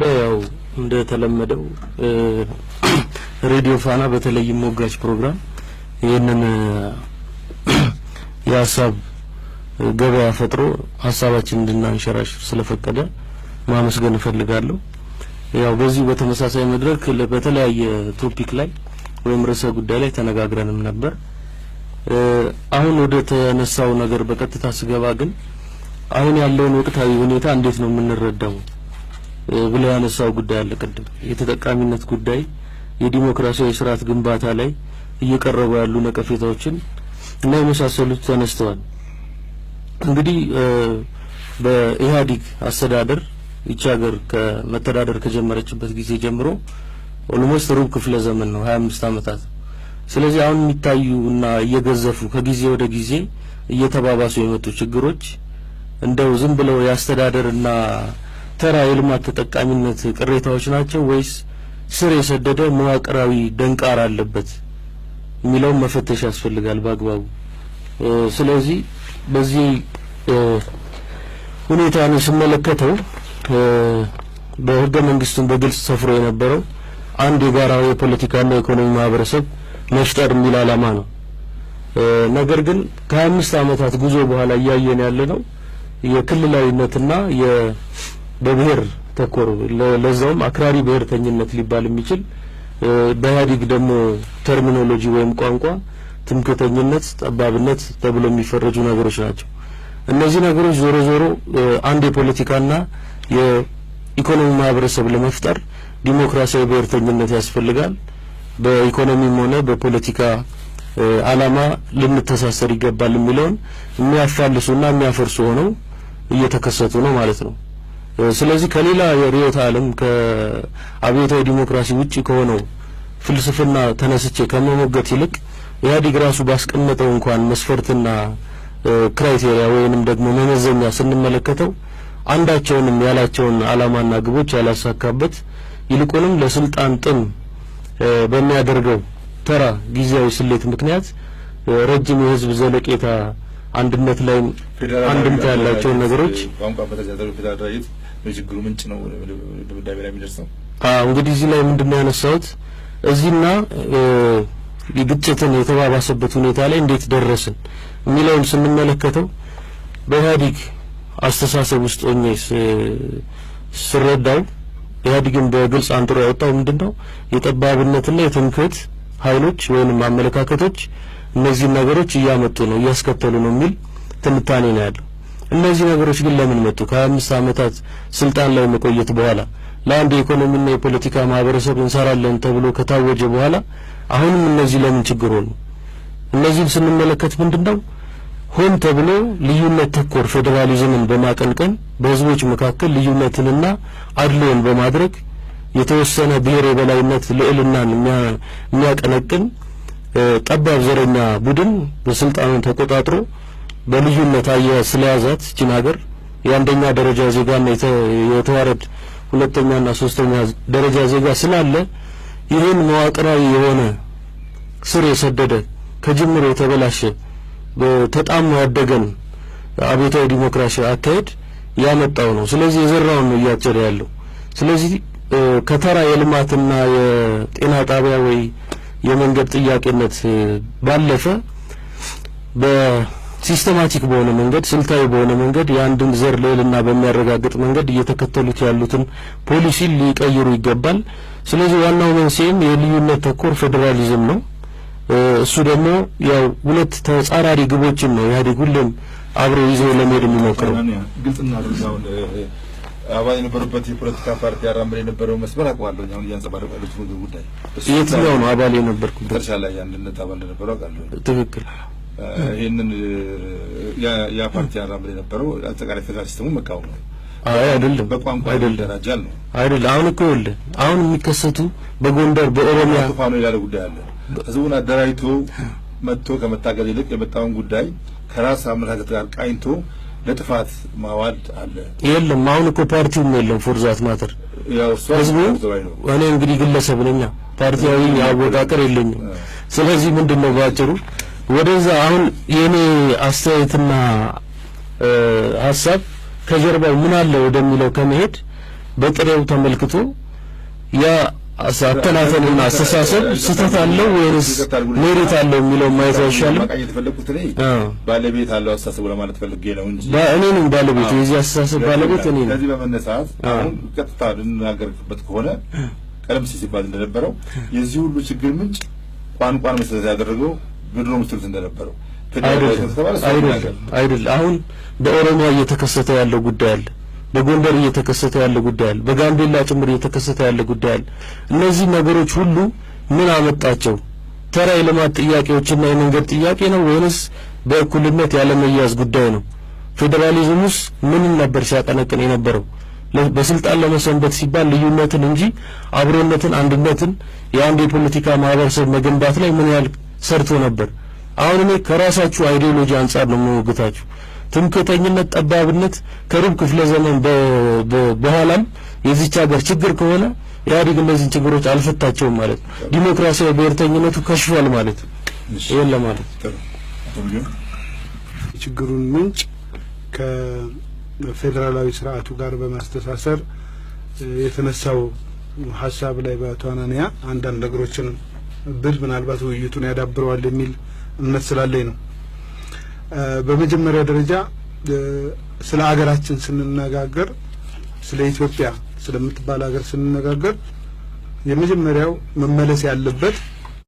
ነበረ። ያው እንደተለመደው ሬዲዮ ፋና በተለይም ሞጋች ፕሮግራም ይህንን የሀሳብ ገበያ ፈጥሮ ሀሳባችን እንድናንሸራሽር ስለፈቀደ ማመስገን እፈልጋለሁ። ያው በዚህ በተመሳሳይ መድረክ በተለያየ ቶፒክ ላይ ወይም ርዕሰ ጉዳይ ላይ ተነጋግረንም ነበር። አሁን ወደ ተነሳው ነገር በቀጥታ ስገባ ግን አሁን ያለውን ወቅታዊ ሁኔታ እንዴት ነው የምንረዳው? ብሎ ያነሳው ጉዳይ አለ። ቅድም የተጠቃሚነት ጉዳይ የዲሞክራሲያዊ ስርዓት ግንባታ ላይ እየቀረቡ ያሉ ነቀፌታዎችን እና የመሳሰሉት ተነስተዋል። እንግዲህ በኢህአዲግ አስተዳደር ይቺ ሀገር ከመተዳደር ከጀመረችበት ጊዜ ጀምሮ ኦልሞስት ሩብ ክፍለ ዘመን ነው፣ አምስት አመታት። ስለዚህ አሁን የሚታዩ እና እየገዘፉ ከጊዜ ወደ ጊዜ እየተባባሱ የመጡ ችግሮች እንደው ዝም ብለው የአስተዳደርና ተራ የልማት ተጠቃሚነት ቅሬታዎች ናቸው ወይስ ስር የሰደደ መዋቅራዊ ደንቃር አለበት የሚለውን መፈተሽ ያስፈልጋል በአግባቡ። ስለዚህ በዚህ ሁኔታ ነው ስመለከተው በህገ መንግስቱን በግልጽ ሰፍሮ የነበረው አንድ የጋራ የፖለቲካና የኢኮኖሚ ማህበረሰብ መፍጠር የሚል አላማ ነው። ነገር ግን ከሀያ አምስት አመታት ጉዞ በኋላ እያየን ያለ ነው የክልላዊነትና በብሔር ተኮር ለዛውም አክራሪ ብሔርተኝነት ሊባል የሚችል በኢህአዴግ ደግሞ ተርሚኖሎጂ ወይም ቋንቋ ትምክተኝነት፣ ጠባብነት ተብሎ የሚፈረጁ ነገሮች ናቸው። እነዚህ ነገሮች ዞሮ ዞሮ አንድ የፖለቲካና የኢኮኖሚ ማህበረሰብ ለመፍጠር ዲሞክራሲያዊ ብሔርተኝነት ያስፈልጋል። በኢኮኖሚም ሆነ በፖለቲካ ዓላማ ልንተሳሰር ይገባል የሚለውን የሚያፋልሱና የሚያፈርሱ ሆነው እየተከሰቱ ነው ማለት ነው። ስለዚህ ከሌላ የርዕዮተ ዓለም ከአብዮታዊ ዲሞክራሲ ውጭ ከሆነው ፍልስፍና ተነስቼ ከመሞገት ይልቅ ኢህአዴግ ራሱ ባስቀመጠው እንኳን መስፈርትና ክራይቴሪያ ወይንም ደግሞ መመዘኛ ስንመለከተው አንዳቸውንም ያላቸውን ዓላማና ግቦች ያላሳካበት ይልቁንም ለስልጣን ጥም በሚያደርገው ተራ ጊዜያዊ ስሌት ምክንያት ረጅም የህዝብ ዘለቄታ አንድነት ላይ አንድምታ ያላቸውን ነገሮች ቋንቋ በተዘዘሩ ፌደራላዊት የችግሩ ምንጭ ነው ድምዳሜ ላይ የሚደርሰው። እንግዲህ እዚህ ላይ ምንድን ነው ያነሳሁት እዚህና ግጭትን የተባባሰበት ሁኔታ ላይ እንዴት ደረስን የሚለውን ስንመለከተው በኢህአዴግ አስተሳሰብ ውስጥ ሆኜ ስረዳው ኢህአዴግን በግልጽ አንጥሮ ያወጣው ምንድን ነው የጠባብነትና የትምክህት ኃይሎች ወይንም አመለካከቶች እነዚህን ነገሮች እያመጡ ነው እያስከተሉ ነው የሚል ትንታኔ ነው ያለው። እነዚህ ነገሮች ግን ለምን መጡ? ከአምስት ዓመታት ስልጣን ላይ መቆየት በኋላ ለአንድ የኢኮኖሚና የፖለቲካ ማህበረሰብ እንሰራለን ተብሎ ከታወጀ በኋላ አሁንም እነዚህ ለምን ችግር ሆኑ? እነዚህን ስንመለከት ምንድነው ሆን ተብሎ ልዩነት ተኮር ፌዴራሊዝምን በማቀንቀን በህዝቦች መካከል ልዩነትንና አድሎን በማድረግ የተወሰነ ብሔር የበላይነት ልዕልናን የሚያቀነቅን ጠባብ ዘረኛ ቡድን በስልጣኑን ተቆጣጥሮ በልዩነት አየ ስለያዛት ይችን ሀገር የአንደኛ ደረጃ ዜጋና የተዋረድ ሁለተኛና ሶስተኛ ደረጃ ዜጋ ስላለ ይህን መዋቅራዊ የሆነ ስር የሰደደ ከጅምሮ የተበላሸ ተጣምኖ ያደገን አብዮታዊ ዲሞክራሲ አካሄድ ያመጣው ነው። ስለዚህ የዘራውን ነው እያጨደ ያለው። ስለዚህ ከተራ የልማትና የጤና ጣቢያ ወይ የመንገድ ጥያቄነት ባለፈ በሲስተማቲክ በሆነ መንገድ ስልታዊ በሆነ መንገድ የአንድን ዘር ልዕልና በሚያረጋግጥ መንገድ እየተከተሉት ያሉትን ፖሊሲ ሊቀይሩ ይገባል። ስለዚህ ዋናው መንስኤም የልዩነት ተኮር ፌዴራሊዝም ነው። እሱ ደግሞ ያው ሁለት ተጻራሪ ግቦችን ነው ኢህአዴግ ሁሌም አብሮ ይዘው ለመሄድ የሚሞክረው አባል የነበሩበት የፖለቲካ ፓርቲ አራምር የነበረው መስመር አውቀዋለሁ። አሁን እያንጸባረቁ ያሉት ጉዳይ የትኛው ነው? አባል የነበርኩበት መጨረሻ ላይ የአንድነት አባል እንደነበረው አውቃለሁ። ትክክል። ይህንን ያ ፓርቲ አራምር የነበረው አጠቃላይ ፌዴራል ሲስተሙን መቃወም ነው። አይ አይደለም፣ በቋንቋ አይደለም፣ ደረጃ ነው አይደለም። አሁን እኮ ይኸውልህ አሁን የሚከሰቱ በጎንደር በኦሮሚያ ፋኖ ያለ ጉዳይ አለ። ህዝቡን አደራጅቶ መጥቶ ከመታገል ይልቅ የመጣውን ጉዳይ ከራስ አመለካከት ጋር ቃኝቶ ለጥፋት ማዋል አለ። የለም አሁን እኮ ፓርቲውም የለም። ፎርዛት ማተር ህዝቡ እኔ እንግዲህ ግለሰብ ነኛ ፓርቲያዊ አወቃቀር የለኝም። ስለዚህ ምንድን ነው ወደዛ አሁን የእኔ አስተያየትና ሀሳብ ከጀርባው ምን አለ ወደሚለው ከመሄድ በጥሬው ተመልክቶ ያ አተናተንና አስተሳሰብ ስህተት አለው ወይስ ሜሪት አለው የሚለውን ማየት አይሻልም? ባለቤት አለው አስተሳሰቡ ለማለት ፈልጌ ነው እንጂ እኔ ነኝ ባለቤት፣ የዚህ አስተሳሰብ ባለቤት እኔ ነኝ። ከዚህ በመነሳት አሁን ቀጥታ ልናገርበት ከሆነ ቀደም ሲል ሲባል እንደነበረው የዚህ ሁሉ ችግር ምንጭ ቋንቋን መሰረት ያደረገው ብድሮ ምስሉት እንደነበረው አይደለም። አሁን በኦሮሚያ እየተከሰተ ያለው ጉዳይ አለ በጎንደር እየተከሰተ ያለ ጉዳይ አለ፣ በጋምቤላ ጭምር እየተከሰተ ያለ ጉዳይ አለ። እነዚህ ነገሮች ሁሉ ምን አመጣቸው? ተራ የልማት ጥያቄዎችና የመንገድ ጥያቄ ነው ወይንስ በእኩልነት ያለመያዝ ጉዳይ ነው? ፌዴራሊዝም ውስጥ ምን ነበር ሲያቀነቅን የነበረው? በስልጣን ለመሰንበት ሲባል ልዩነትን እንጂ አብሮነትን፣ አንድነትን የአንድ የፖለቲካ ማህበረሰብ መገንባት ላይ ምን ያህል ሰርቶ ነበር? አሁን እኔ ከራሳችሁ አይዲዮሎጂ አንጻር ነው የምሞግታችሁ። ትምክተኝነት ጠባብነት ከሩብ ክፍለ ዘመን በኋላም የዚች ሀገር ችግር ከሆነ ኢህአዴግ እነዚህን ችግሮች አልፈታቸውም ማለት ነው። ዲሞክራሲያዊ ብሔርተኝነቱ ከሽፏል ማለት ነው። ይሄን ለማለት የችግሩን ምንጭ ከፌዴራላዊ ስርዓቱ ጋር በማስተሳሰር የተነሳው ሀሳብ ላይ በአቶ አናንያ አንዳንድ ነገሮችን ብል ምናልባት ውይይቱን ያዳብረዋል የሚል እምነት ስላለኝ ነው። በመጀመሪያ ደረጃ ስለ ሀገራችን ስንነጋገር ስለ ኢትዮጵያ ስለምትባል ሀገር ስንነጋገር የመጀመሪያው መመለስ ያለበት